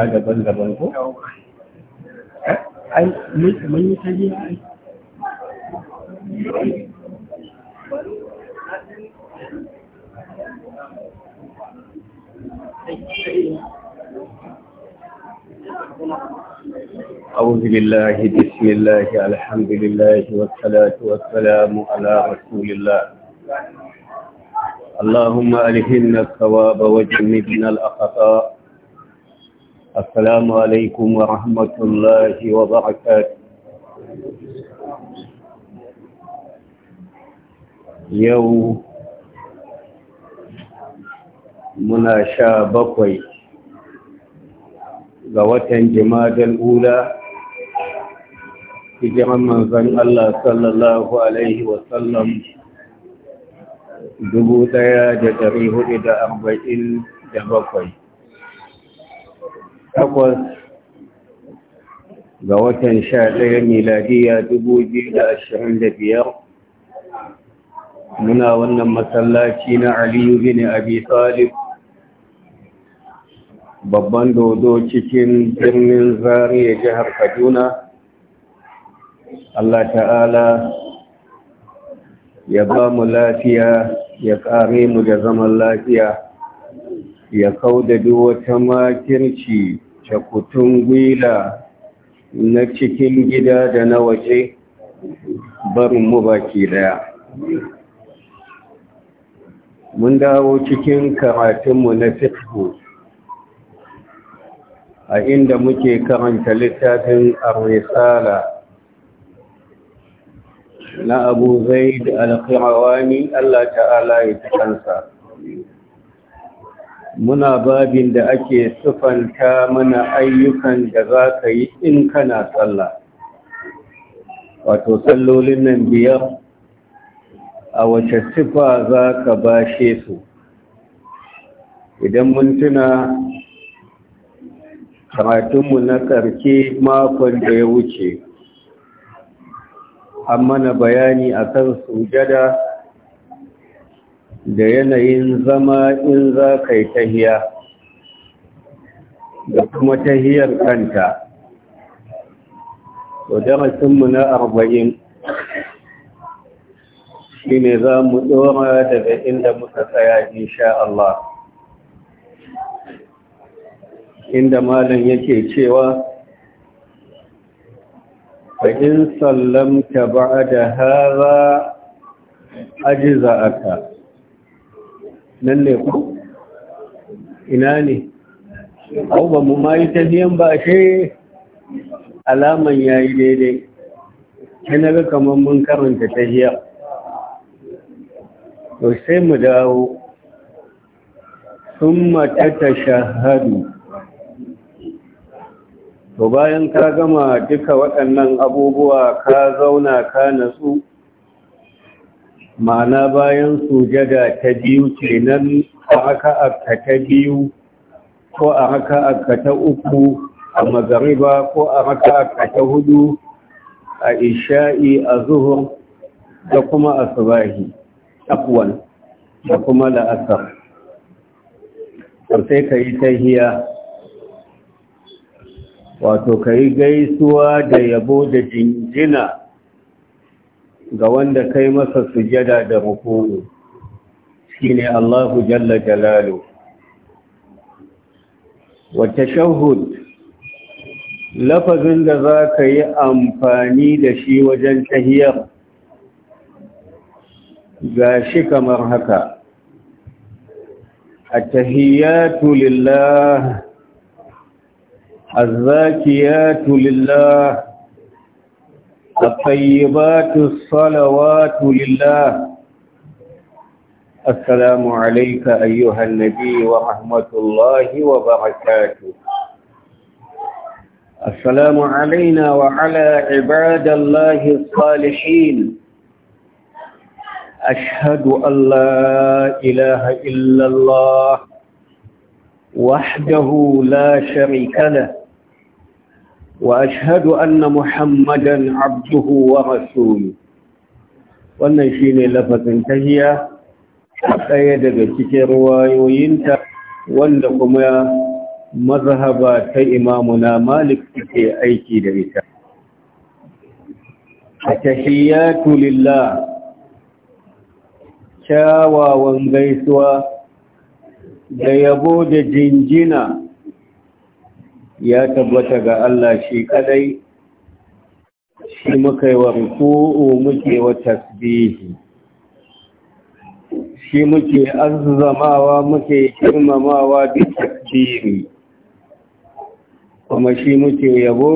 sassa daban-daban ko? Ai, أعوذ بالله بسم الله الحمد لله والصلاة والسلام على رسول الله اللهم ألهمنا الثواب وجنبنا الأخطاء السلام عليكم ورحمة الله وبركاته يوم muna sha bakwai ga watan jimadar ula hijiran manzan Allah sallallahu Alaihi wasallam dubu ɗaya da dari hudu da arba'in da bakwai takwas ga watan sha ɗaya miladiya dubu biyu da ashirin da biyar muna wannan masallaci na aliyu bin abi talib babban dodo cikin birnin zariya jihar kaduna allah ta'ala ya ba mu lafiya ya ƙare mu da zaman lafiya ya kau da duk wata makirci ta kutun gwila na cikin gida da na waje barin mu baki daya mun dawo cikin karatunmu na fitfo a inda muke karanta littafin arisala na abu zaid al-qirawani Allah ta'ala ya kansa muna babin da ake sufanta mana ayyukan da za ka yi in kana tsalla. wato tsallolin nan biyar a wace sifa za ka bashe su idan mun tuna karatunmu na ƙarfi makon da ya wuce an mana bayani a kan sujada da yanayin zama in za ka yi tahiya da kuma tahiyar kanta to darasinmu na arba'in shi ne za mu ɗora daga inda muka tsaya insha Allah inda malam yake cewa فإن sallamta ba da hara ajiza aka nan ne ku ina ne au ba mu ma yi biyan ba ashe alaman ya yi daidai na ga kamar mun karanta ta biya to sai mu dawo sun mata ta shahadu to bayan ka gama duka waɗannan abubuwa ka zauna ka natsu ma'ana bayan sujada ta biyu nan a aka a ta biyu ko a haka a ta uku a magariba ko a haka a ta hudu a isha'i a zuhur da kuma a asubahi afwan da kuma la'asar sai ka yi tahiya wato ka yi gaisuwa da yabo da jinjina ga wanda kai masa sujada da ruku'u shine Allahu jalla jalalu wa tashahhud lafazin da za ka yi amfani da shi wajen tahiyyar ga shi kamar haka lillah az-zakiyatu lillah الطيبات الصلوات لله السلام عليك أيها النبي ورحمة الله وبركاته السلام علينا وعلى عباد الله الصالحين أشهد أن لا إله إلا الله وحده لا شريك له وأشهد أن محمدا عبده ورسوله wannan shi ne lafazin tahiya ɗaya daga cikin ruwayoyinta wanda kuma mazhaba ta imamuna malik ke aiki da ita a tahiyatu lillah kyawawan gaisuwa da yabo da jinjina ya tabbata ga Allah shi kadai shi muka yi wa ruku'u muke wa tasbihi shi muke azzamawa muke girmamawa bi takbiri kuma shi muke yabo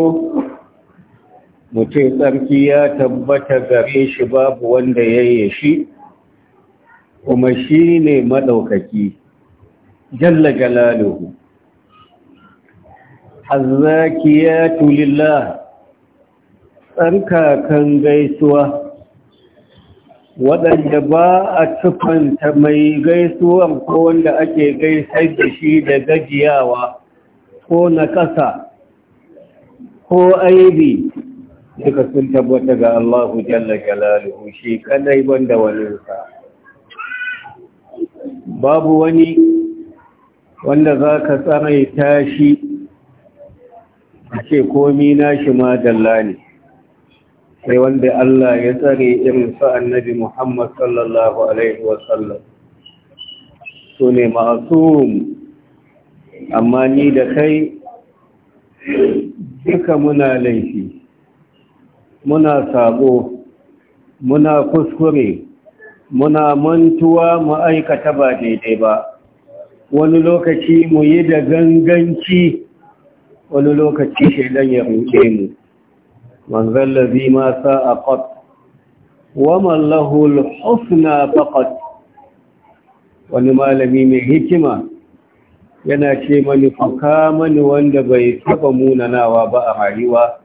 mutum tsarki ya tabbata gare shi babu wanda yayye shi kuma shi ne maɗaukaki jalla jalaluhu azzakiyatu lillah tsarkakan gaisuwa waɗanda ba a tufanta mai gaisuwan ko wanda ake gaisar da shi da gajiyawa ko na ƙasa ko aibi duka sun tabbata ga Allahu jalla jalaluhu shi kadai banda walinsa babu wani wanda za ka tsaraita shi ce komi na shi ma dalla ne sai wanda Allah ya tsare irin sa annabi Muhammad sallallahu alaihi wasallam su ne ma'asum amma ni da kai duka muna laifi muna sabo muna kuskure muna mantuwa ma'aikata ba daidai ba wani lokaci mu yi da ganganci wani lokaci shaidan ya ruɗe mu manzan lazi ma sa'a qat wa man lahu al-husna faqat wani malami mai hikima yana ce mani fuka mani wanda bai saba munanawa ba a rayuwa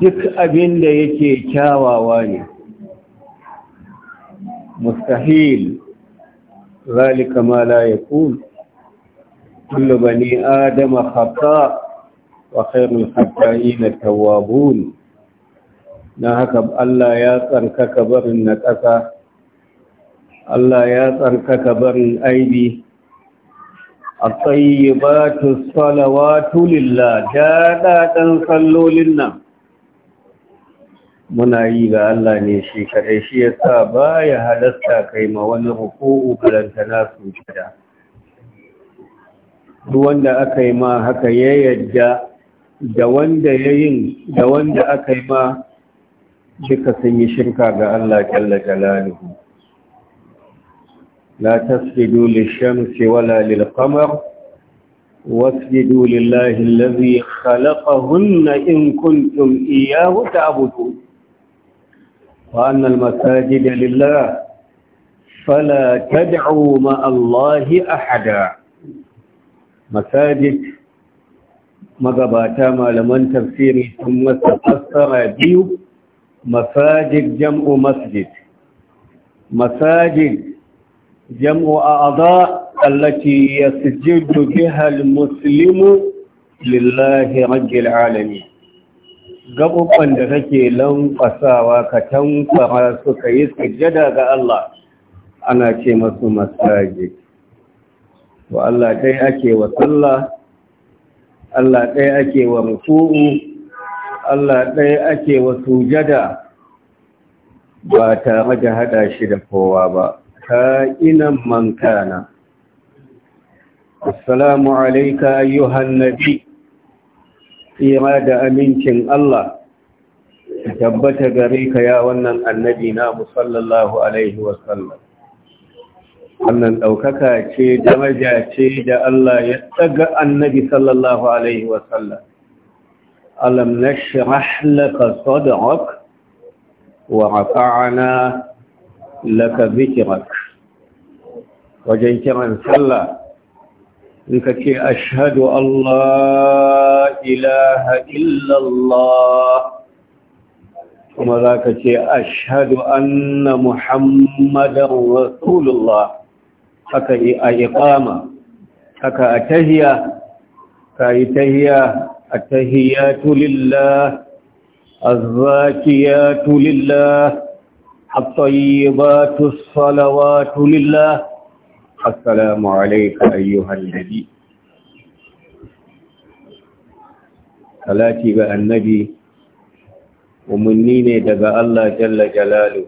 duk abin da yake kyawawa ne mustahil zalika ma la yaqul كل بني آدم خطاء وخير الخطائين التوابون نهكب الله يا تركك كبر نكسا الله يا تركك كبر الأيدي الطيبات الصلوات لله جادا تنصلوا لنا muna yi ga Allah ne shi kaɗai shi ya sa ba ya halasta kai ma wani hukuku balantana su jada. duk wanda aka yi ma haka ya yadda da wanda ya yin da wanda aka yi ma duka sun yi shirka ga Allah jalla jalaluhu la tasjudu lish-shamsi wala lil-qamar wasjudu lillahi alladhi khalaqahunna in kuntum iyyahu ta'budun wa anna al-masajida lillah fala tad'u ma Allahi ahada masajid magabata malaman tafsiri sun masa fassara biyu masajid jam'u masjid masajid jam'u a'adha allati yasjudu biha al-muslimu lillahi rabbil alamin gaɓuɓɓan da kake lankwasawa ka suka yi sujjada ga Allah ana ce masu masajid to Allah ɗaya ake wa sallah Allah ɗaya ake wa ruku'u Allah ɗaya ake wa sujada ba tare da haɗa shi da kowa ba ka'inan mankana assalamu alaika ayyuhan nabi tsira da amincin Allah tabbata gare ka ya wannan annabi na musallallahu alaihi wasallam wannan ɗaukaka ce damaja ce da Allah ya tsaga annabi sallallahu alaihi wasallam alam nashrah laka sadrak wa rafa'na laka dhikrak wajen kiran sallah in ka ce ashhadu Allah ilaha illallah kuma za ka ce ashhadu anna muhammadan rasulullah Haka yi a iƙama aka a tahiya ka yi tahiya a tahiya tulilla, a zakiya tulillah a tsayyaba tussalawa tulillah assalamu alaikar ayyuhar nabi salati ga annabi umarni ne daga allah jalla jalalu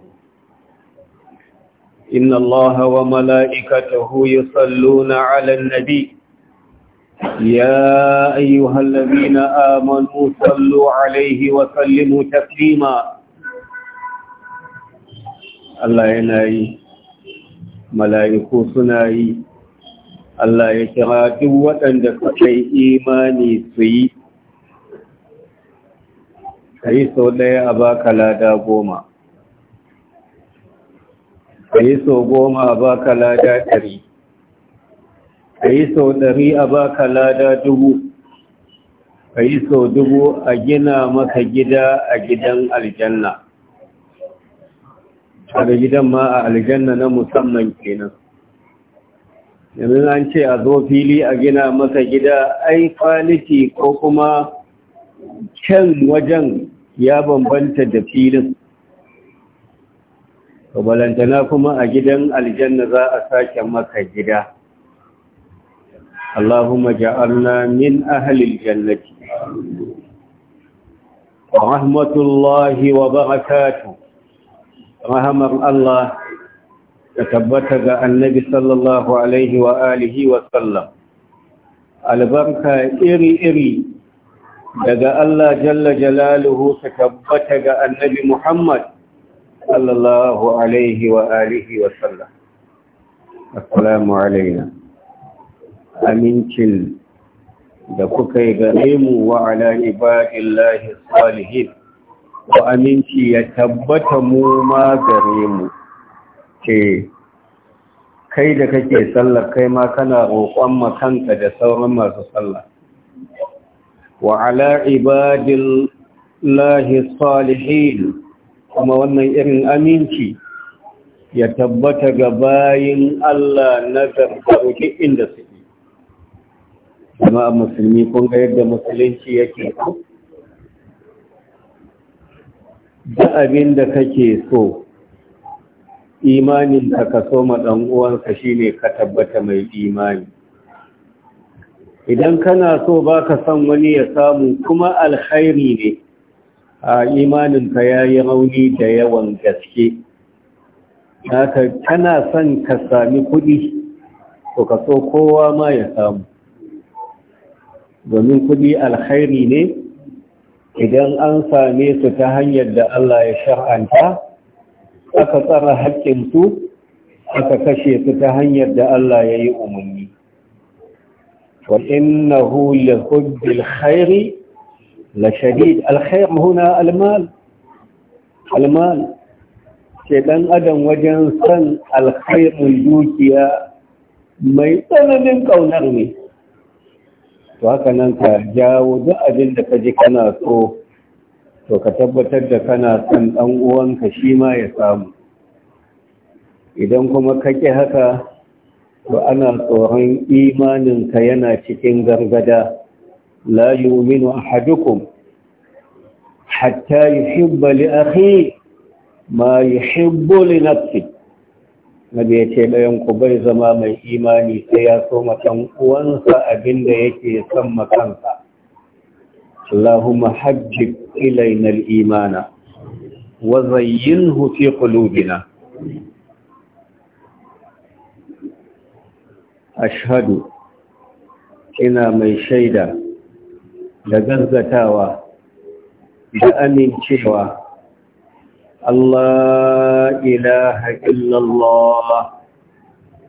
إن الله وملائكته يصلون على النبي يا أيها الذين آمنوا صلوا عليه وسلموا تسليما الله يناي ملائكو سناي الله يتغاتي وأنك في إيماني سي كيسو لي أباك لا دا قوما ka yi so goma a baka lada ɗari ka yi so ɗari a baka lada dubu ka yi so dubu a gina maka gida a gidan aljanna a gidan ma a aljanna na musamman kenan yanzu an ce a zo fili a gina maka gida ai kwaliti ko kuma can wajen ya bambanta da filin to kuma a gidan aljanna za a sake maka gida Allahumma ja'alna min ahli jannati. rahmatullahi wa barakatuh rahamar Allah da tabbata ga annabi sallallahu alaihi wa alihi wa sallam albarka iri-iri daga Allah jalla jalaluhu ta tabbata ga annabi Muhammad صلى الله عليه وآله وسلم السلام amincin da kuka yi gare mu wa ala ibadillahi salihin wa aminci ya tabbata mu ma gare mu ce kai da kake sallar kai ma kana roƙon makanta da sauran masu sallah wa ala ibadillahi salihin kuma wannan irin aminci ya tabbata ga bayin Allah na zarfaru inda suke jama'a musulmi kun ga yadda musulunci yake so da abin da kake so imanin ka ka so ma dan uwanka shine ka tabbata mai imani idan kana so baka san wani ya samu kuma alkhairi ne A imaninka ya yi rauni da yawan gaske haka kana son ka sami kudi to ka so kowa ma ya samu domin kudi alkhairi ne idan an same su ta hanyar da Allah ya shar'anta aka tsara haƙƙinsu aka kashe su ta hanyar da Allah ya yi umarni wa innahu li hubbil khairi لشديد الخير هنا المال المال adam wajen san alkhairun dukiya mai tsananin ƙaunar ne to haka nan ka jawo duk abin da ka ji kana so to ka tabbatar da kana son ɗan uwanka shi ma ya samu idan kuma ka haka to ana tsoron imaninka yana cikin gargada لا يؤمن أحدكم حتى يحب لأخيه ما يحب لنفسه nabi ya ce ɗayan ku bai zama mai imani sai ya so matan uwansa abinda yake son makansa Allahumma hajjib ilaina imana wa zayyinhu fi qulubina ashhadu ina mai shaida da gazzatawa da amincewa Allah ilaha illallah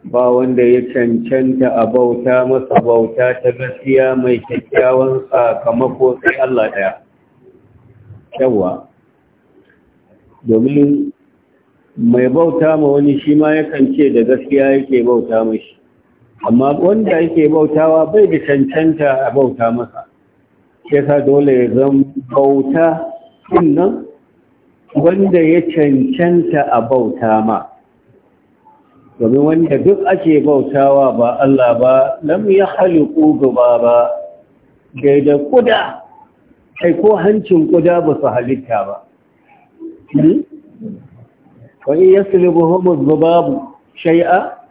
ba wanda ya cancanta a bauta masa bauta ta gaskiya mai kyakkyawan sakamako sai Allah ɗaya. Yawwa, domin mai bauta ma wani shi ma yakan ce da gaskiya yake bauta mashi, amma wanda yake bautawa bai da cancanta a bauta masa. yasa dole ya zan bauta nan wanda ya cancanta a bauta ma domin wanda duk ake bautawa ba Allah ba lam ya haliku gaba ba da kuda kai ko hancin kuda ba su halitta ba hmm? wani ya sulubu homo zubabu shai'a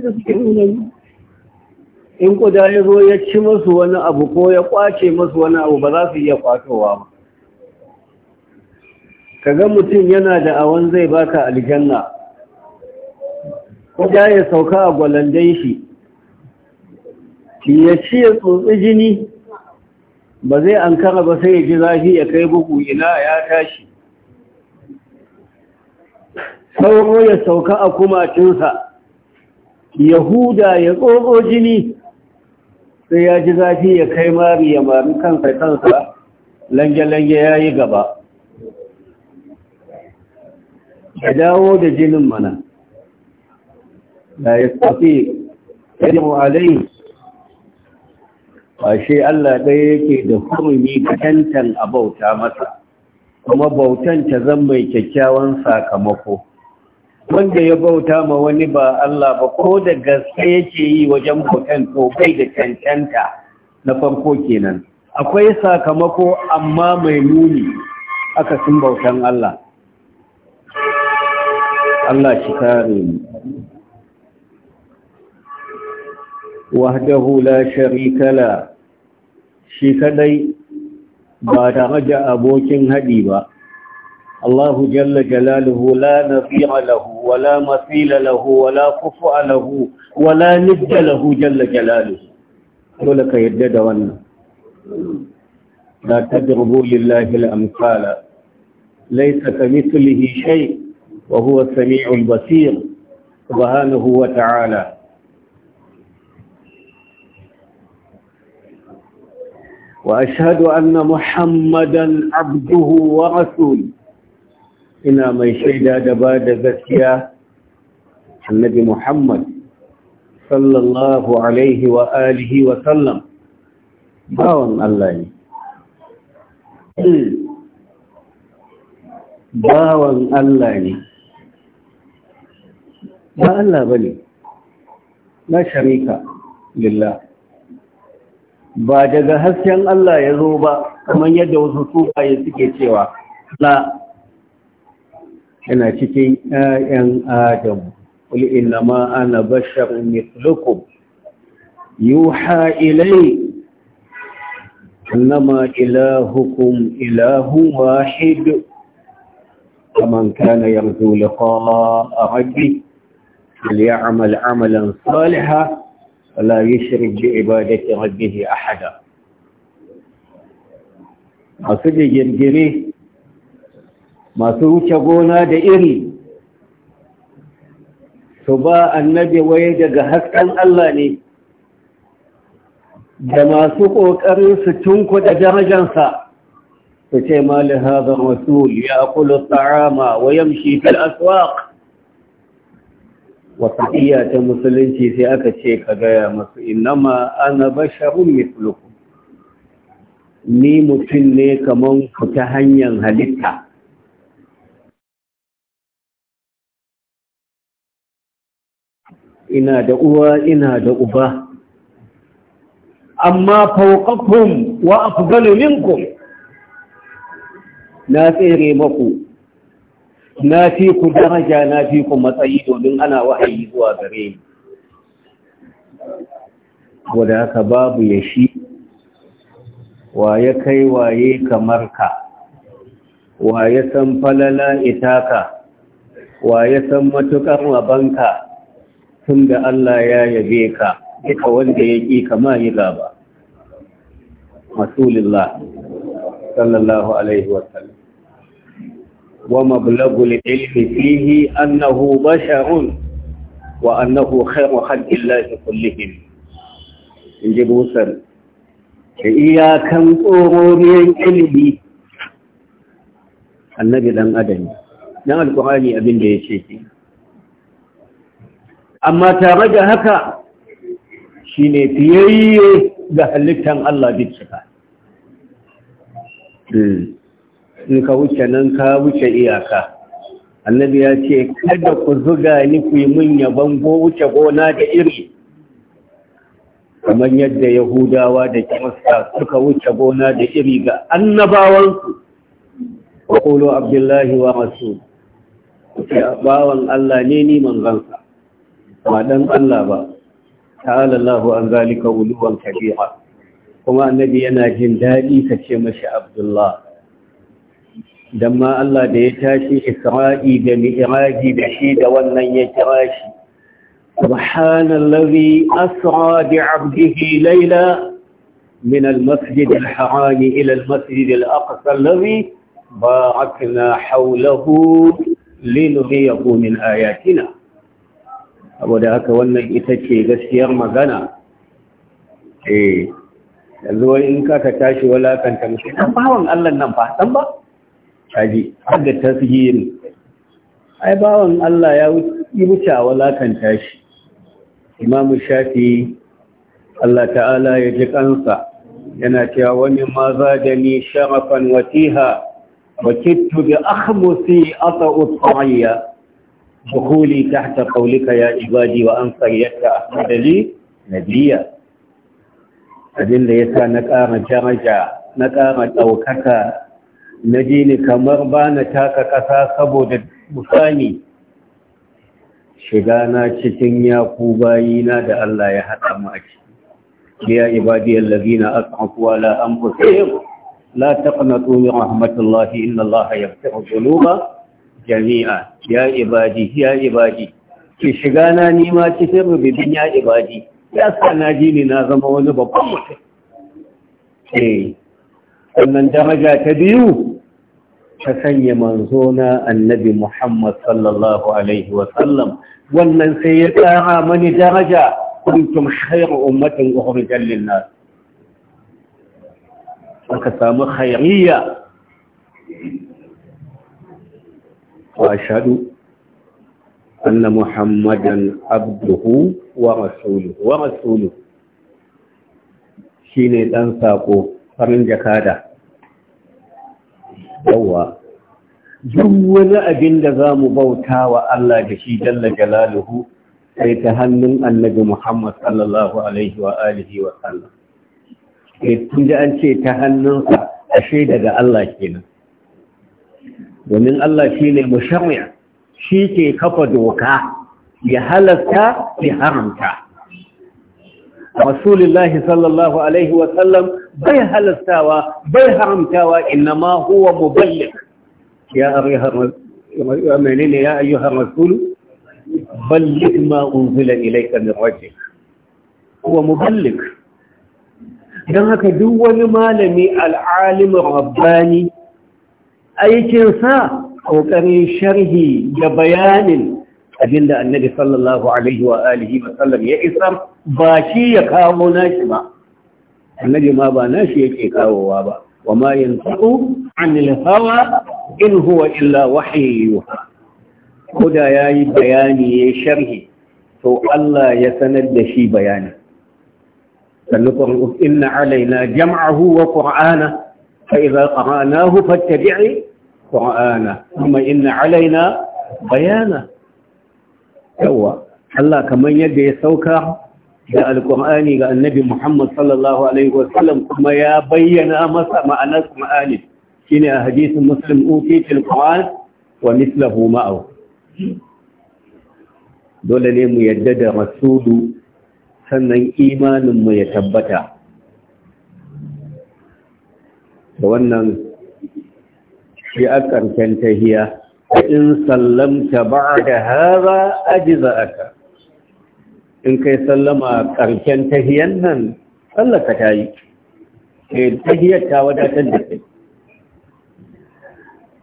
su suke nuna in ƙuda ya zo ya ci masu wani abu ko ya kwace masu wani abu ba za su iya ƙwatowa ba Ka ga mutum yana da awon zai baka aljanna ƙuda ya sauka a gwalandai shi ya ci ya tsotsi jini ba zai an kara ba sai ya ji zafi ya kai bugu ina ya tashi sauro ya sauka a kumacinsa yahuda ya tsotso jini sai ya ji zafi ya kai mari ya mari kansa kansa lange-lange ya yi gaba ya dawo da jinin mana da ya tafi yajibu alai ba shi Allah ɗaya yake da hurumi da kyantan a bauta masa kuma bautan ta zan mai kyakkyawan sakamako wanda ya bauta ma wani ba Allah ba ko da gaske yake yi wajen bautan to kai da cancanta na farko kenan akwai sakamako amma mai muni aka sun bautan Allah Allah shi kare mu wahdahu la sharika la shi kadai ba tare da abokin haɗi ba الله جل جلاله لا نظير له ولا مثيل له ولا كفء له ولا ند له جل جلاله ولك يدد ون لا تضربوا لله الأمثال ليس كمثله شيء وهو السميع البصير سبحانه وتعالى وأشهد أن محمدا عبده ورسوله ina mai shaida da ba da gaskiya annabi Muhammad sallallahu alaihi wa alihi wa sallam bawan Allah ne bawan Allah ne ba Allah ba ne na sharika lillah ba daga hasken Allah ya zo ba kamar yadda wasu sukaye suke cewa na yana cikin ‘ya'yan Adam, ƙuli ina ma ana bashar mitlukum, yuha ilai, annama ilahukum ilahu wahid, kaman kana yanzu liƙa a rabbi, amalan عملا wala yushrik bi ibadati rabbih ahada masu jirgire masu wuce gona da iri su ba annabi waye daga hasken Allah ne da masu ƙoƙarin su tunkuɗa darajansa su ce mali ga rasul ya kula tsarama wa yamshi fil aswaq wa ta musulunci sai aka ce ka gaya masu inama ana basharun misluku ni mutum ne kamar ku ta hanyar halitta ina da uwa ina da uba amma fauqakum wa afdalu na tsere maku na fi ku daraja na fi ku matsayi domin ana wahayi zuwa gare ni wadda babu ya shi waye kai waye kamar ka waye san falala itaka waye san matukar wabanka tun da Allah ya yabe ka duka wanda ya ƙi kama yi gaba Masulillah sallallahu alaihi wasallam wa mablagul ilmi fihi annahu basharun wa annahu khairu khalqillahi kullihim in ji busar da iyakan tsoroniyar ilmi. annabi dan adam dan alkurani abin da ya ce ke amma tare da haka shi ne fiyayye ga halittar Allah duk suka hmm. in ka wuce nan ka wuce iyaka annabi ya ce kada ku zuga ni ku yi mun yaban ko wuce gona da iri kamar yadda yahudawa da kirista suka wuce gona da iri ga annabawansu wa abdullahi wa masu bawan Allah ne ni manzansa ba dan Allah ba ta'ala Allahu an zalika uluwan kabira kuma annabi yana jin daɗi ka ce mashi Abdullah dan ma Allah da ya tashi Isra'i da Mi'raji da shi da wannan ya kira shi subhanallazi asra bi 'abdihi layla al-aqsa الحرام ba a الأقصى الذي باركنا حوله لنريه من ayatina. saboda haka wannan ita ce gaskiyar magana eh yanzu wani in kaka tashi walakanta mutum dan bawan Allah nan ba ɗan ba kaji har da tasgiri ai bawan Allah ya yi wuce walakanta shi imamu shafi Allah ta'ala ya ji kansa yana cewa wani ma za da ni sharafan watiha wa kittu bi akhmusi ata'u tayya دخولي تحت قولك يا عبادي وأنصريتك أحمد لي نبيا أدل ليسا نكام جرجا نكام أوكك نجيني كمربا نتاكا كسا سبود مساني شغانا شتن يا قوباينا دا الله يحطى معك يا عبادي الذين أسعفوا على أنفسهم لا تقنطوا من رحمة الله إن الله يغفر الذنوب jami'a ya ibadi ya ibadi ki shiga na nima cikin rububin ya ibadi ya na ji ne na zama wani babban mutum eh, sannan daraja ta biyu ta sanya manzo na annabi Muhammad sallallahu alaihi wa sallam wannan sai ya tsara mani daraja kuntum hayar ummatin ukhrijat lin nas aka samu khayriyya وأشهد أن محمدا عبده ورسوله ورسوله شيني دان ساقو farin jakada yawa duk wani abin da za mu bauta wa Allah da shi jalla jalaluhu sai ta hannun annabi Muhammad sallallahu alaihi wa alihi wa sallam an ce ta hannunsa ashe daga Allah kenan domin Allah shi ne musharriya shi ke kafa doka ya halasta ya haramta rasulullahi sallallahu alaihi wasallam bai halastawa bai haramtawa ma huwa muballigh ya menene ya ayyuhar rasulu balligh ma unzila ilayka min rabbik huwa muballigh dan haka duk wani malami al'alimin rabbani aikinsa ƙoƙarin sharhi da bayanin abinda annabi sallallahu alaihi wa alihi wa sallam ya isa ba shi ya kawo nashi ba annabi ma ba nashi yake kawowa ba wa ma yanzu an hawa in huwa illa wahyi ko da yayi bayani ya sharhi to Allah ya sanar da shi bayani sannan inna alaina jam'ahu wa qur'ana فإذا قرأناه فاتبعي قرآنه ثم إن علينا بيانه yawa Allah kamar yadda ya sauka da alkur'ani ga annabi Muhammad sallallahu alaihi wasallam kuma ya bayyana masa ma'anar Qur'ani shine a hadisin Muslim utitil Qur'an wa mislahu ma'ahu dole ne mu yarda da rasulu sannan imaninmu ya tabbata da wannan shi a ƙarshen tahiya in sallamta ba da haza ajiza aka in kai sallama ƙarshen tahiyan nan sallaka ta yi eh, tahiyar ta wadatar da kai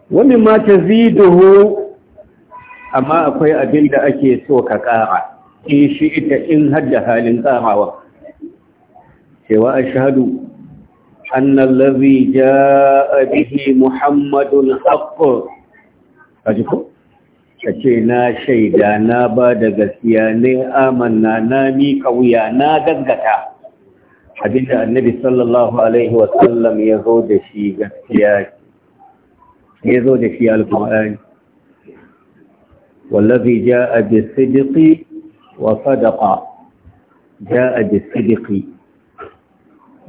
wani ma ta ziduhu amma akwai abin da ake so ka ƙara in shi ita in hadda halin ƙarawa cewa a shahadu أن الذي جاء به محمد الحق أجيكو أجينا شيدانا بعد غسيانة آمنا نامي كويانا دنقتا حديث النبي صلى الله عليه وسلم يهود شي غسيات يزود شي القرآن والذي جاء بالصدق وصدق جاء بالصدق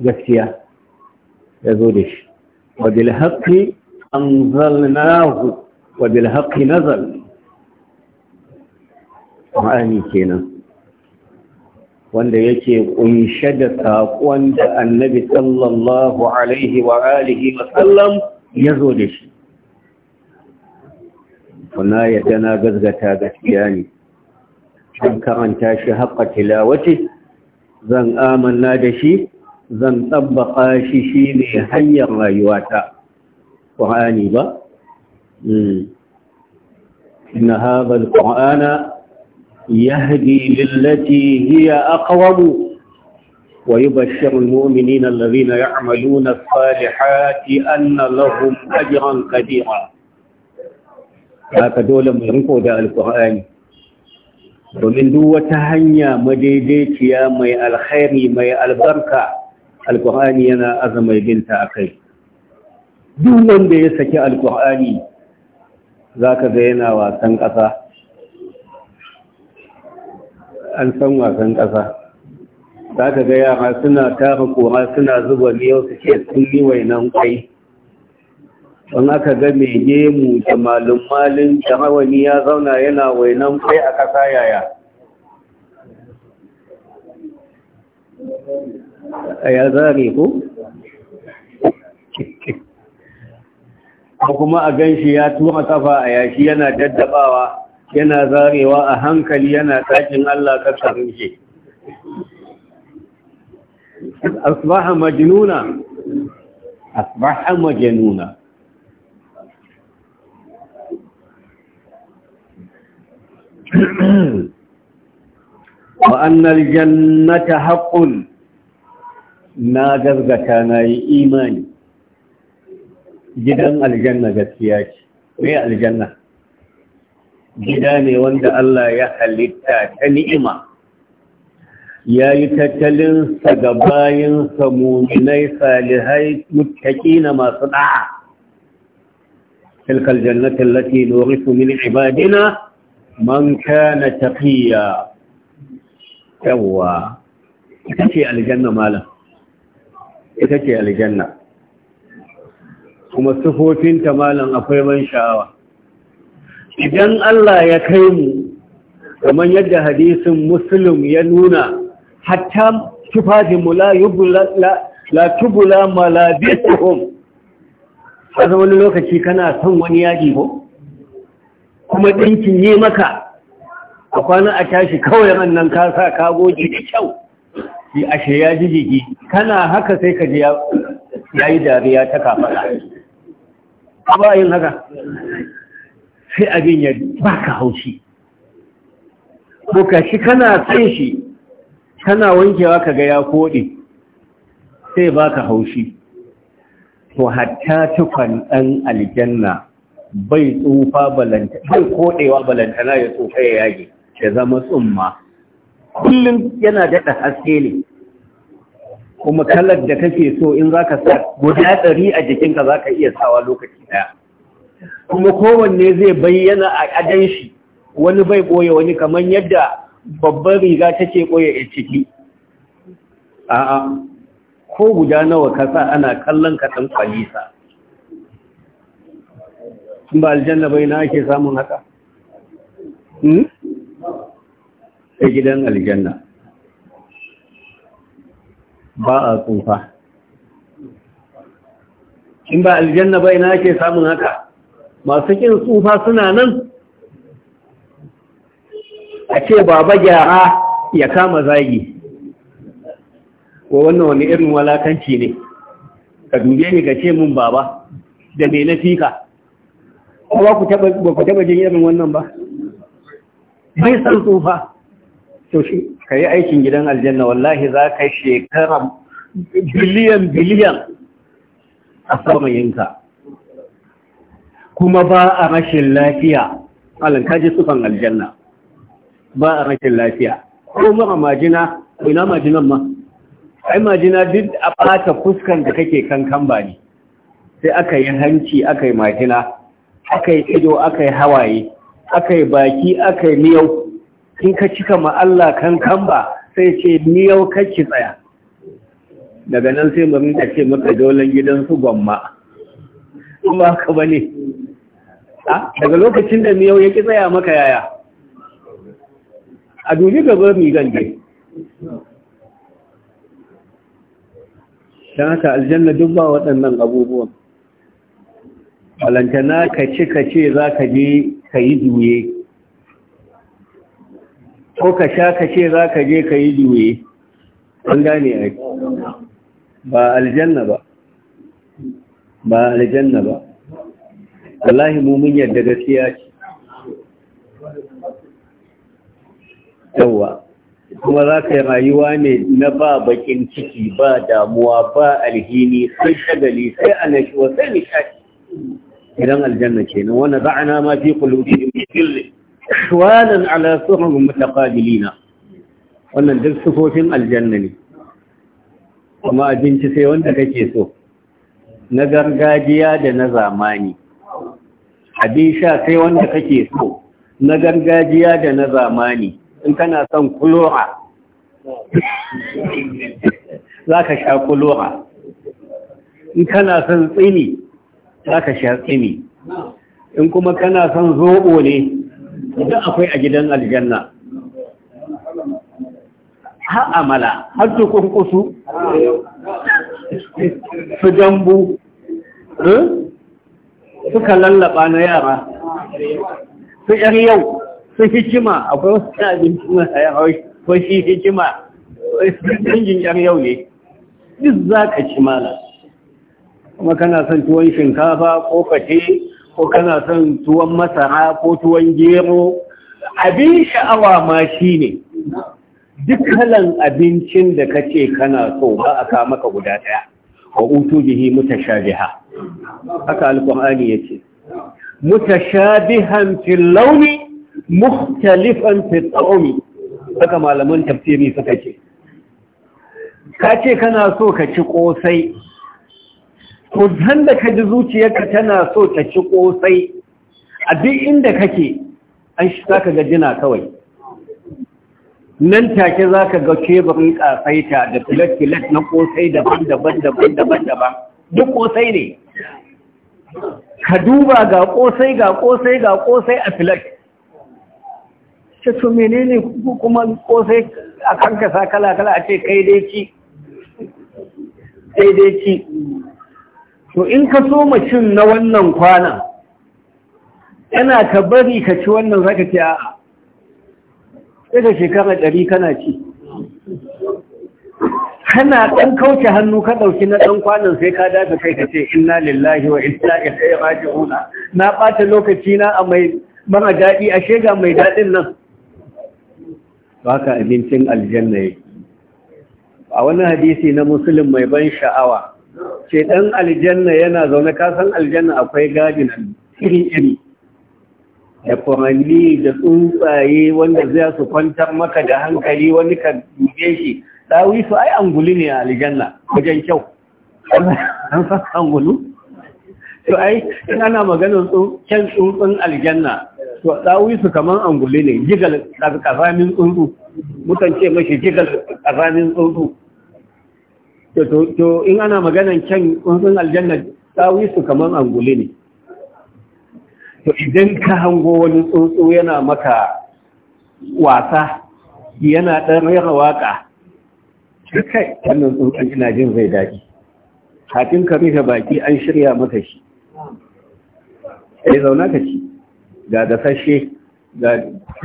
غسيات ya zo da shi wa bil an anzalnahu wa bil haƙi nazal Qur'ani kenan wanda yake kunshe da sakon da Annabi sallallahu alaihi wa alihi wa sallam ya zo da shi kuna yadda na gazgata gaskiya ne an karanta shi haƙa tilawati zan amanna da shi zan tabbaka shi shi ne hanyar rayuwata ƙwa'ani ba inna haɗar ƙwa'ana ya haɗi lillaci hiya aqwamu wa yi bashirul mu'mini na lalina ya amalu na salihati anna lahum ajiran kadira haka dole mai rinko da alƙwa'ani domin duk wata hanya madaidaiciya mai alkhairi mai albarka alkur'ani yana azamai binta a kai duk wanda ya saki alkur'ani za ka ga yana wasan ƙasa an san wasan ƙasa za ka ga yara suna tara kura suna zuba miyau su ce sun yi wainan kwai Wani aka ga mai gemu da malin malin da hawani ya zauna yana wainan kai a ƙasa yaya ya zare ko ko kuma a ganshi ya tura kafa a yashi yana daddabawa yana zarewa a hankali yana takin Allah kasarin shi asbaha majnuna asbaha majnuna wa anna jannata haqqun na gazgata na yi imani gidan aljanna gaskiya ce me aljanna gida ne wanda Allah ya halitta ta ni'ima ya yi tattalinsa ga bayansa muminai salihai na masu da'a tilkal jannatin lati nurisu min ibadina man kana taqiya yawa ita ce aljanna malam ita ce aljanna kuma sufofinta malam akwai ban sha'awa idan Allah ya kai mu kamar yadda hadisin muslim ya nuna hatta mu la tubula malabisuhum a wani lokaci kana son wani yaji ko kuma ɗinkin yi maka a kwana a tashi kawai rannan ka sa ka goge da kyau yi ashe ya ji jiki kana haka sai ka ji ya yi dariya ta kafara ba yin haka sai abin ya ba ka haushi ko ka shi kana sai shi kana wankewa ka ya koɗe sai ba ka haushi to hatta tukwan ɗan aljanna bai tsufa balanta bai koɗewa balantana ya tsufa ya yage ya zama tsumma kullum yana daɗa haske ne kuma kalar da kake so in za ka sa guda ɗari a jikinka za ka iya sawa lokaci ɗaya kuma kowanne zai bayyana a ƙadan shi wani bai ɓoye wani kamar yadda babban riga take ɓoye a ciki a'a ko guda nawa ka sa ana kallon ka ɗan kwalisa ba aljanna bai na ake samun haka? Hmm? sai gidan aljanna ba a tsufa in ba aljanna ba ina ake samun haka masu kin tsufa suna nan a ce baba gyara ya kama zagi wa wannan wani irin walakanci ne ka dube ni ka ce mun baba da me na fika ba ku taba jin irin wannan ba bai san tsufa to shi ka yi aikin gidan aljanna wallahi za ka shekara biliyan biliyan a samayinka kuma ba a rashin lafiya alin kaji sufan aljanna ba a rashin lafiya ko mara majina ina majinan ma ai majina duk a bata fuskan da kake kankan ba ne sai aka yi hanci aka yi majina aka yi ido aka yi hawaye aka yi baki aka yi miyau in ka cika ma Allah kan ba sai ce ni yau ki tsaya daga nan sai mu rinka ce maka dolan gidan su gwamma kuma ka ne. daga lokacin da miyau ya ki tsaya maka yaya a dubi gaba mi gange don haka aljanna duk ba waɗannan abubuwan balantana ka ci ka ce za ka je ka yi juye ko ka sha ka ce za ka je ka yi juye an gane a ba aljanna ba ba aljanna ba wallahi mu mun yadda gaskiya ce yawa kuma za ka yi rayuwa ne na ba bakin ciki ba damuwa ba alhini sai shagali sai annashuwa sai nishaɗi idan aljanna ce nan wani za'ana ma fi kulubi in fi shwalan ala suhurin mutaqabilina wannan duk sufofin aljanna ne kuma abinci sai wanda kake so na gargajiya da na zamani abin sha sai wanda kake so na gargajiya da na zamani in kana son kulora za ka sha kulora in kana son tsini za ka sha tsini in kuma kana son zobo ne idan akwai a gidan aljanna har amala har tukunkusu su dambu eh, suka lallaba na yara su ‘yan yau su hikima akwai wasu abinci na yawon shi hikima ɗangin ‘yan yau ne duk za ka ci mala kuma kana son tuwon shinkafa ko fate ko kana son tuwon masara ko tuwon gero abin sha'awa ma shi ne duk kalan abincin da ka ce kana so ba a ka maka guda ɗaya wa utu bihi mutashabiha haka alqur'ani yace mutashabihan fil launi mukhtalifan fil ta'mi haka malaman tafsiri suka ce ka ce kana so ka ci ƙosai. to zan da ka ji zuciyarka tana so ta ci kosai a duk inda kake an shi ka ga jina kawai nan take ka ga keburin kasaita da filet-filet na kosai daban-daban daban-daban daban duk kosai ne ka duba ga kosai ga kosai ga kosai a filet ce to menene kuma kosai a kankasa kala-kala a ce kai dai ci to in ka so cin na wannan kwana yana ka bari ka ci wannan zaka ce a sai da shekara ɗari kana ci kana ɗan kauce hannu ka ɗauki na ɗan kwanan sai ka dafa kai ka ce inna lillahi wa inna ilaihi raji'un na ɓata lokaci na a mai mara daɗi a shega mai daɗin nan baka abincin aljanna yake a wani hadisi na musulun mai ban sha'awa ce ɗan aljanna yana zaune kasan aljanna akwai gajinan iri-iri da furanni da tsuntsaye wanda zai su kwantar maka da hankali wani ka duke shi ɗawi su ai anguli ne a aljanna wajen kyau an san angulu? to ai in ana maganin kyan tsuntsun aljanna to ɗawi su kamar anguli ne jigal ƙasamin tsuntsu mukan ce mashi jigal ƙasamin tsuntsu to in ana maganan kyan kunsun aljanna tsawi su kamar anguli ne to idan ka hango wani tsuntsu yana maka wasa yana ɗan rera waka kai wannan tsuntsun ina jin zai daɗi kafin ka rufe baki an shirya maka shi sai zauna ka ci ga gasashe ga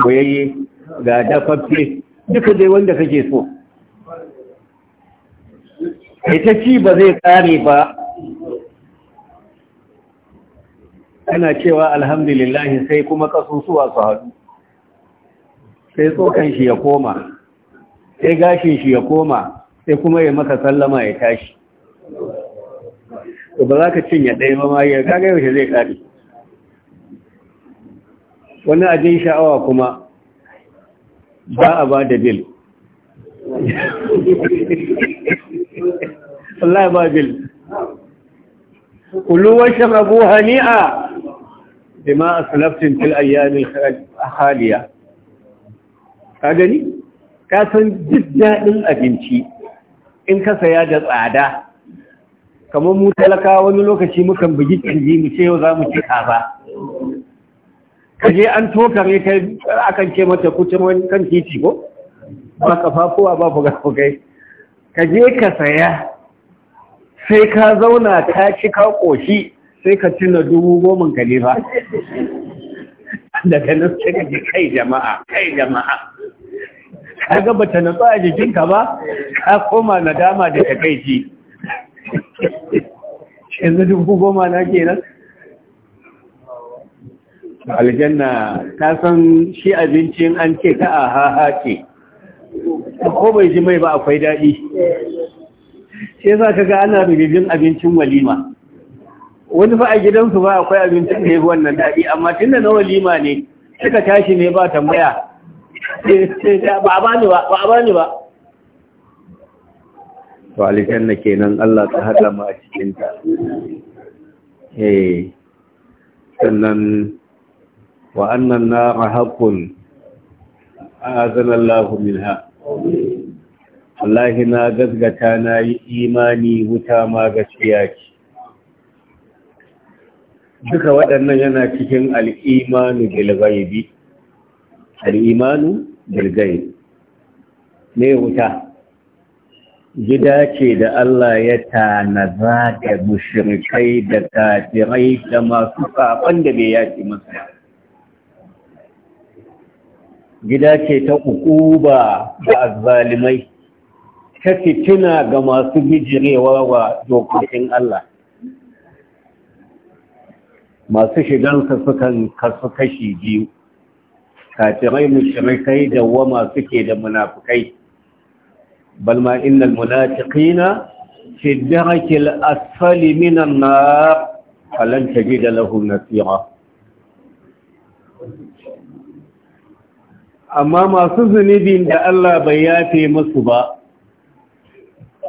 koyayye ga dafaffe duka dai wanda kake so ita ci ba zai kare ba ana cewa alhamdulillah sai kuma kasusuwa su haɗu sai tsokan shi ya koma sai gashin shi ya koma sai kuma ya maka sallama ya tashi ba za ka cinye ɗaya ba ma ya kaga yaushe zai kare wani ajin sha'awa kuma ba a ba da bil Allah ba bil kulu washrabu hani'a bima aslaftum fil ayyami khaliya ka gani ka san duk daɗin abinci in ka saya da tsada kamar mu talaka wani lokaci mukan bugi kirji mu ce yau za mu ci kafa. ka je an toka ne kai akan ce mata kucin wani kan titi ko ba kafafuwa ba fuga fugai ka je ka saya sai ka zauna ka ci ka ƙoshi sai ka tuna dubu goma ka ne ba daga nan sai ka ji kai jama'a kai jama'a ka ga bata natsu a jikinka ba ka koma nadama da ta kai ji yanzu dubu goma na kenan aljanna ta san shi abincin an ce ta a ha ha ce ko bai ji mai ba akwai daɗi Sai za ka ga ana rigigin abincin walima wani fa a gidansu ba akwai abincin da ya fi wannan daɗi amma da na walima ne suka tashi ne ba tambaya ba a bani ba ba ba to kenan Allah ta hada mu a cikin ta eh, sannan wa'annan na rahakun a zanen Allah ha. wallahi na gazgata na yi imani wuta ma gaskiya ce duka waɗannan yana cikin al'imanu bilgaibi al'imanu bilgaibi ne wuta gida ce da Allah ya tanaza da mushrikai da kafirai da masu kafan da bai yaki masa gida ce ta ba da azzalimai ta fitina ga masu bijirewa wa dokokin Allah masu shigansa sukan kasu kashi biyu kafirai mushrikai da wama suke da munafukai bal ma innal munafiqina fi darakil asfali minan nar falan tajida lahum nasira amma masu zunubin da Allah bai yafe musu ba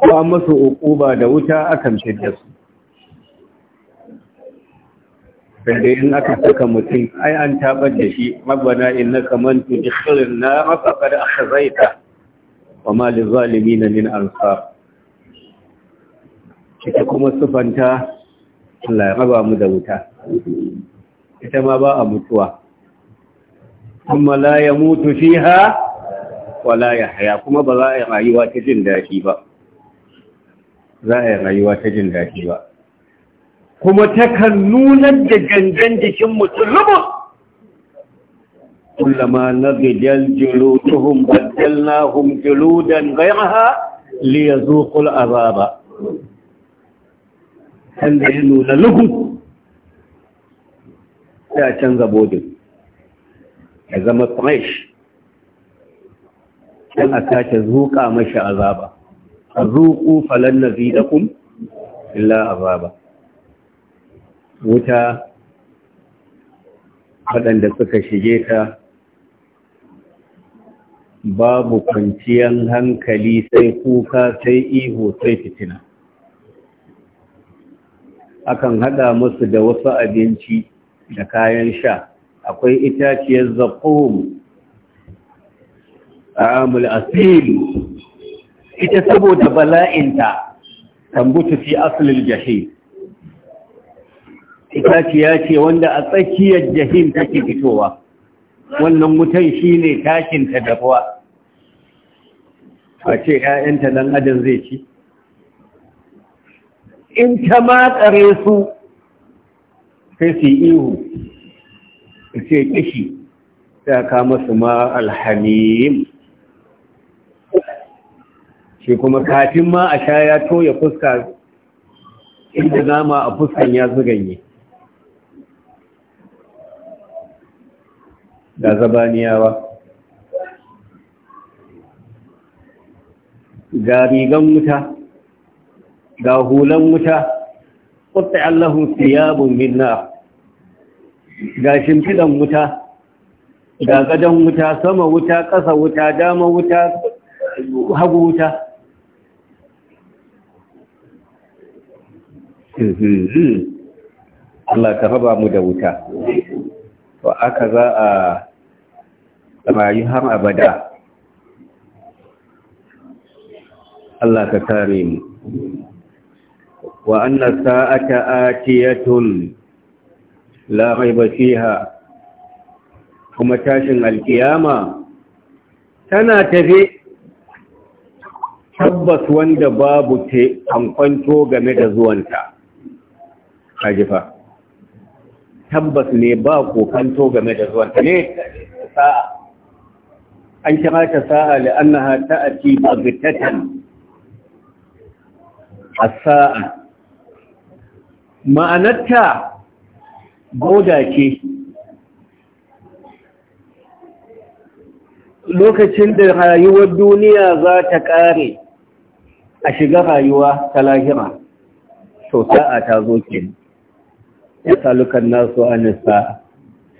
ba masu ba da wuta akan shirya su da in aka saka mutum ai an tabar da shi rabbana innaka man tudkhilin nar faqad akhzaita wa ma lizalimin min ansar ita kuma sufanta Allah ya raba mu da wuta ita ma ba a mutuwa amma la ya mutu fiha wala yahya kuma ba za a rayuwa ta jin daɗi ba za a yi rayuwa ta jin daɗi ba kuma takan nunar da gangan jikin mutum rubun kullama na gijal jilutuhum baddalnahum jiludan ghayraha liyazuqul azaba kan da ya nuna lugu ya canza bodin ya zama fresh dan a sake zuƙa mashi azaba zuku falan nazidakum illa azaba wuta waɗanda suka shige ta babu kwanciyar hankali sai kuka sai ihu sai fitina akan hada musu da wasu abinci da kayan sha akwai itaciyar zaƙo a amul ita saboda bala'inta tambuta fi asalin jahim itaciya ce wanda a tsakiyar jahim take fitowa wannan mutan shi ne takinta dafuwa a ce ‘ya'yanta nan adam zai ci in ta matsare su sai su yi ihu ce kishi ta kama su ma alhamim shi kuma kafin ma a sha ya toya fuska inda nama a fuskan ya zuganye da zabaniyawa ga rigan wuta ga hulan wuta kusa allahu siyabun minna ga shimfidan wuta ga gadon wuta sama wuta ƙasa wuta dama wuta hagu wuta Allah ka raba mu da wuta Wa aka za a rayu har abada Allah ka kare mu wa anna sa'ata atiyatun la raiba fiha kuma tashin alkiyama tana tafe tabbas wanda babu te kwanto game da zuwanta tabbas ne ba kokanto game da zuwan ta ne sa'a an kira ta sa'a la'annaha ta'ti baghtatan as-sa'a ma'anarta goda ce lokacin da rayuwar duniya za ta ƙare a shiga rayuwa ta lahira to sa'a ta zo kenan يسألك الناس عن الساعة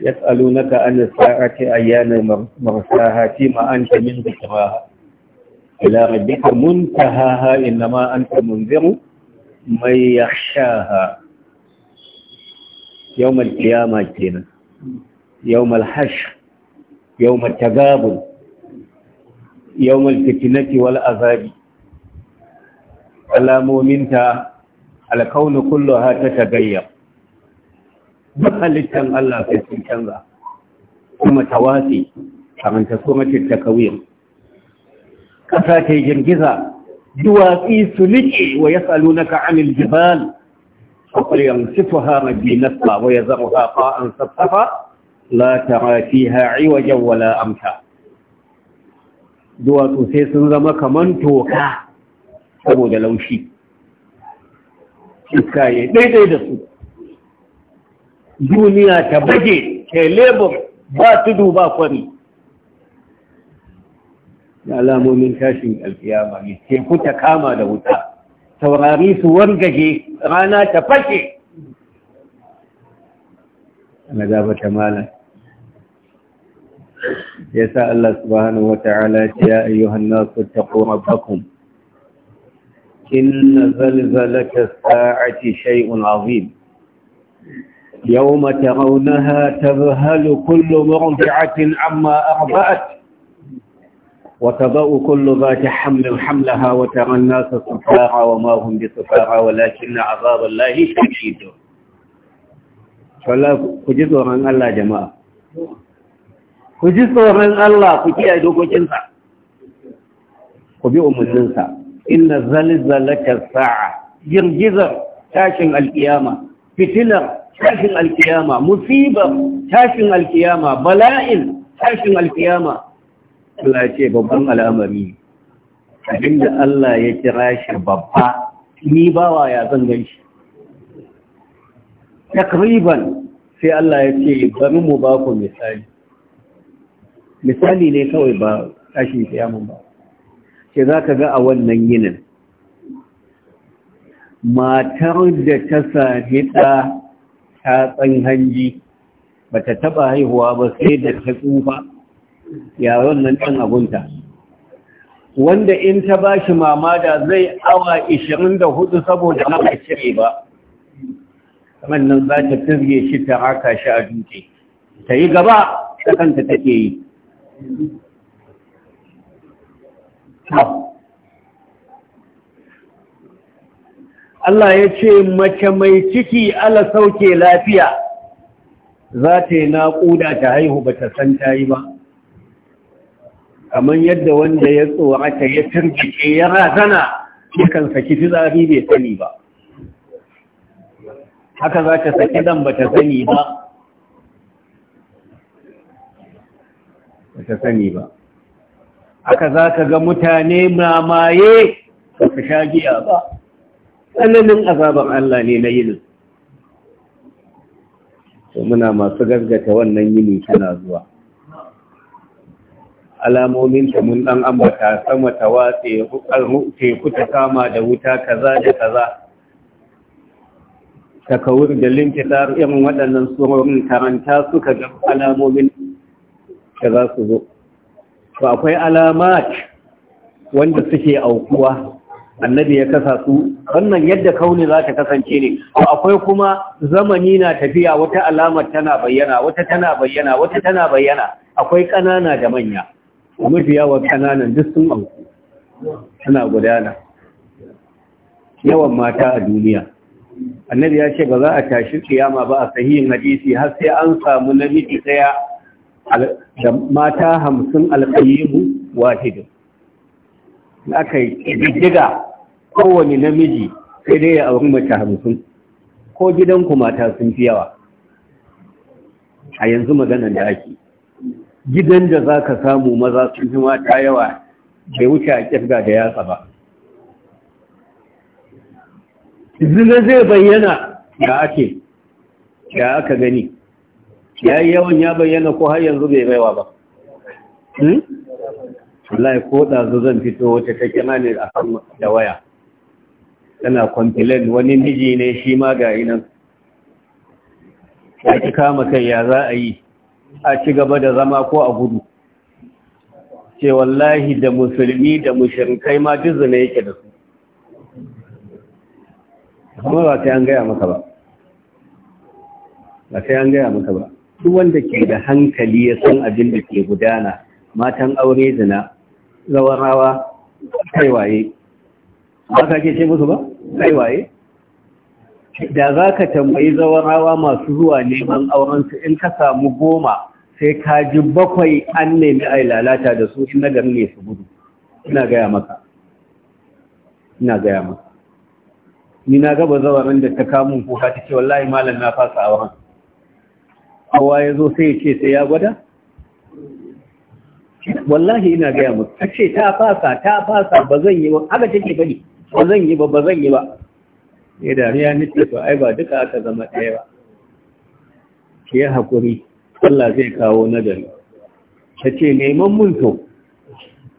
يسألونك عن الساعة أيان مرساها فيما أنت من ذكراها إلى ربك منتهاها إنما أنت منذر من يخشاها يوم القيامة كنا يوم الحشر يوم التقابل يوم الفتنة والعذاب على مؤمنك الكون كلها تتغير duk halittar Allah sai sun canza kuma tawasi karanta sumatin takawiyar ƙasa ta girgiza duwatsi su liƙe wa ya tsalu na ka'anil jibal فقل ya مدينتها an sassafa. La لا ترى فيها عوجا ولا amsa. duwatsu sai sun zama kaman toka saboda laushi iska ya daidai da su duniya ta bage ke lebur ba tudu ba kwari da alamomin tashin alkiyama ne teku ta kama da wuta taurari su wargaje rana ta fashe na gaba ta malam ya sa Allah subhanahu wa ta'ala ce ya ayyuhan nasu bakun rabbakum na zalzalata sa'ati shay'un azim يوم ترونها تذهل كل مرضعة عما أرضأت وتضاء كل ذات حمل حملها وترى الناس سكارى وما هم بسكارى ولكن عذاب الله شديد فلا كجد عن الله جماعة كجد عن الله كجد عدوك جنسا كبيء من جنسا إن زلزلك الساعة جرجزر تاشن القيامة فتلر tashin alkiyama musibar tashin alkiyama bala'in tashin alkiyama Allah ce babban al'amari abinda Allah ya kira shi babba ni bawa ya zan shi takriban sai Allah ya ce bari mu ba ku misali misali ne kawai ba tashin kiyamun ba ke za ka ga a wannan yinin matar da ta sami ta. ta hanji ba ta taɓa haihuwa ba sai da ta tsufa yaron nan ɗan abunta wanda in ta ba shi mama da zai awa da hudu saboda na cire ba wannan za ta firge shi ta haka shi a duke ta yi gaba ta kanta take yi Allah ya ce mace mai ciki ala sauke lafiya za ta yi naƙuda ta haihu ba ta san ta yi ba kamar yadda wanda ya tsorata ya turgice ya razana yakan saki fitsari bai sani ba haka za ta saki dan ba ta sani ba ba ta sani ba haka za ka ga mutane mamaye ba su sha giya ba tsananin azabar Allah ne na yinin to muna masu gaggata wannan yini tana zuwa alamomin ta mun dan ambata sama ta watse teku ta kama da wuta kaza da kaza ta kawur da linkitar irin waɗannan tsoron karanta suka ga alamomin da za su zo Ba akwai alamat wanda suke aukuwa annabi ya kasa su wannan yadda kauni za ta kasance ne akwai kuma zamani na tafiya wata alamar tana bayyana wata tana bayyana wata tana bayyana akwai ƙanana da manya mafi yawan ƙananan duk sun auku suna gudana yawan mata a duniya annabi ya ce ba za a tashi kiyama ba a sahihin hadisi har sai an samu namiji daya da mata hamsin alƙayyimu wahidin da aka yi diddiga kowane namiji sai dai ya auri mace hamsin ko gidanku mata sun fi yawa a yanzu maganar da ake gidan da za ka samu maza sun fi mata yawa bai wuce a kirga da yatsa ba zina zai bayyana da ake da aka gani ya yi yawan ya bayyana ko har yanzu bai baiwa ba hmm? Allah ya koda zan fito wata ta kira ne a kan da waya tana kwamfilin wani miji ne shi ma ga inan ya ki kama kai ya za a yi a ci gaba da zama ko a gudu ce wallahi da musulmi da kai ma jizu ne yake da su kuma ba sai an gaya maka ba ba sai an gaya maka ba duk wanda ke da hankali ya san abin da ke gudana matan aure zina zawarawa kaiwaye ba ka ke ce musu ba kai waye da za ka tambayi zawarawa masu zuwa neman aurensu in ka samu goma sai ka ji bakwai an nemi a lalata da su in nagari ne su gudu ina gaya maka ina gaya maka ni na gaba zawarin da ta kamun kuka ta ce wallahi malam na fasa auren kowa ya zo sai ya ce sai ya gwada wallahi ina gaya maka ta ce ta fasa ta fasa ba zan yi wa haka take gani ba zan yi ba ba zan yi ba ya dariya nake ba, ai ba duka aka zama ɗaya ba ki yi haƙuri Allah zai kawo nagari ta ce neman mun to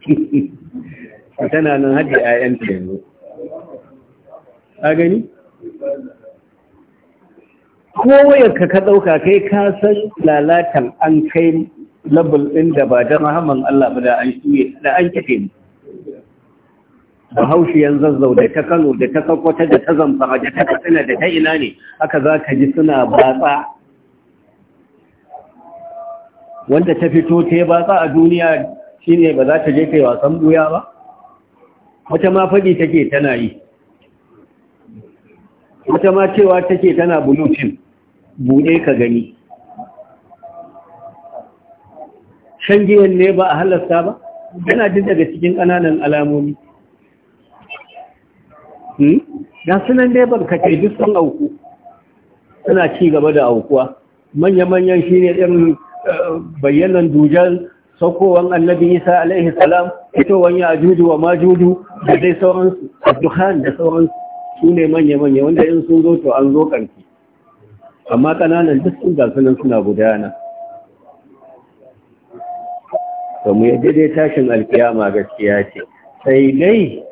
tana nan a ayyanta yanzu a gani kowayarka ka ɗauka kai ka san lalatan an kai labul ɗin da ba don rahaman Allah ba da an kife mu yan zazzau da ta kano da ta sakwata da ta zamfara da ta katsina da ta ina ne aka za ka ji suna batsa wanda ta fito ta yi batsa a duniya shi ne ba za ta je kai wasan buya ba wata ma faɗi take tana yi wata ma cewa take tana bulutin buɗe ka gani shan giyan ne ba a halasta ba yana jin daga cikin ƙananan alamomi da hmm? sunan dai barkatai duk sun auku suna ci gaba da aukuwa manya-manyan shi ne ɗin eh, bayyanan dujan saukowar annabi isa alaihi salam fitowar Wani juju wa majuju da dai sauransu abduhan da sauransu su ne manya-manya wanda in sun zo to an zo ƙarfi amma ƙananan duk sun ga sunan suna gudana ba mu yadda dai tashin alkiyama gaskiya ce sai dai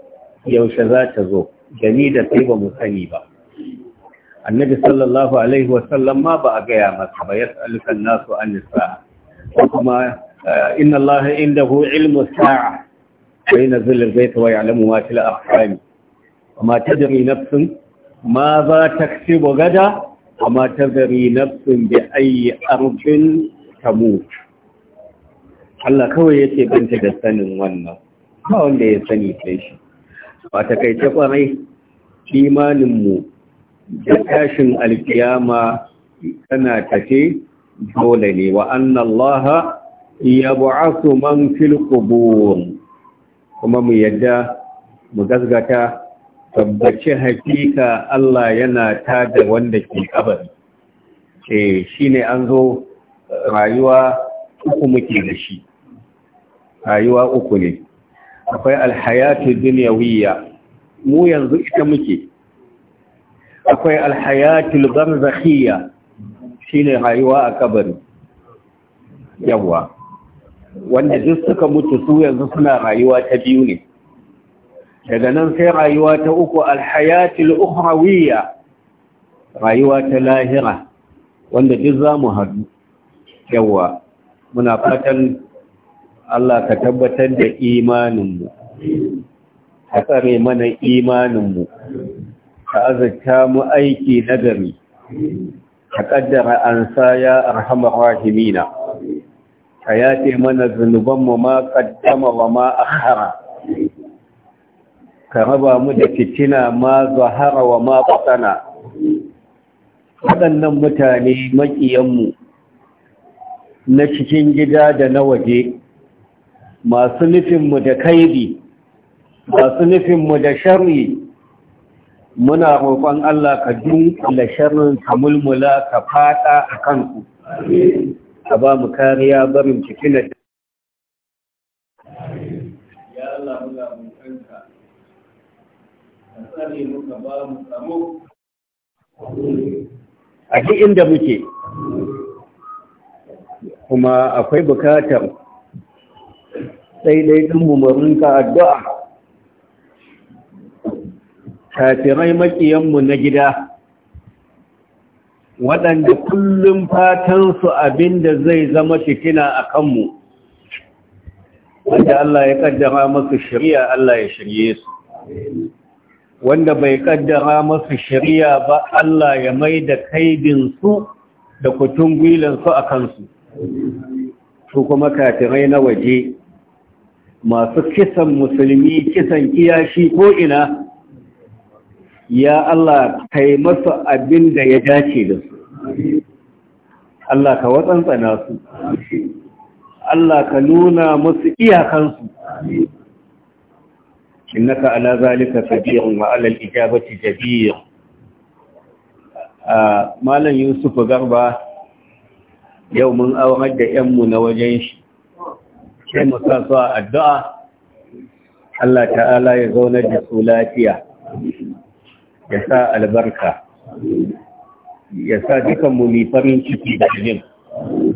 yaushe za ta zo Gani da sai ba mu sani ba annabi sallallahu alaihi wasallam ma ba a gaya masa ba yas'alukan nasu an sa'a kuma eh, inna allaha indahu ilmu sa'a wa yanzil al-bayt wa ya'lamu ma ta fil Ma وما تدري نفس ماذا تكسب غدا وما تدري نفس بأي أرض تموت Allah kawai yake banta da sanin wannan ba wanda ya sani sai shi a takaice kwarai imaninmu da tashin alkiyama tana tafe dole ne wa annallaha ya bu'asu man fil qubur kuma mu yadda mu gasgata tabbaci hakika Allah yana tada wanda ke kabari eh shine an zo rayuwa uku muke da shi rayuwa uku ne akwai alhayatu dunyawiyya mu yanzu ita muke akwai alhayatul shi ne rayuwa a kabari yawa wanda duk suka mutu su yanzu suna rayuwa ta biyu ne daga nan sai rayuwa ta uku alhayatul ukhrawiyya rayuwa ta lahira wanda duk zamu hadu yawa muna fatan Allah ka tabbatar da imaninmu ka tsare mana imaninmu ka azurta mu aiki nagari ka ƙaddara an sa ya arhamar rahimina ka yace mana zunubanmu ma ƙaddama wa ma akhara ka raba mu da fitina ma zahara wa ma batana waɗannan mutane maƙiyanmu na cikin gida da na waje masu nufinmu da kaidi masu nufinmu da sharri muna roƙon Allah ka dunkula sharrin ka mulmula ka fata a kanku ka ba mu kariya barin cikin da ya Allah muna roƙonka ka tsare mu ka ba mu a duk inda muke kuma akwai bukatar sai dai mu murinka addu'a kafirai makiyanmu na gida waɗanda kullum fatansu abinda zai zama fitina a kanmu wanda Allah ya ƙaddara masu shirya Allah ya shirye su wanda bai ƙaddara masu shirya ba Allah ya mai da kaidinsu da kutun gwilansu a kansu su kuma kafirai na waje masu kisan musulmi kisan kiyashi ko ina ya Allah kai masu abin da ya dace da su Allah ka watsantsana su Allah ka nuna musu iyakansu innaka ala zalika qadirun wa ala al-ijabati jabir ah, malam Yusuf Garba yau mun aurar da 'yanmu na wajen shi sai mu su a addu'a Allah ta'ala ya zaunar da su lafiya ya sa albarka ya sa dukan mu farin ciki da jin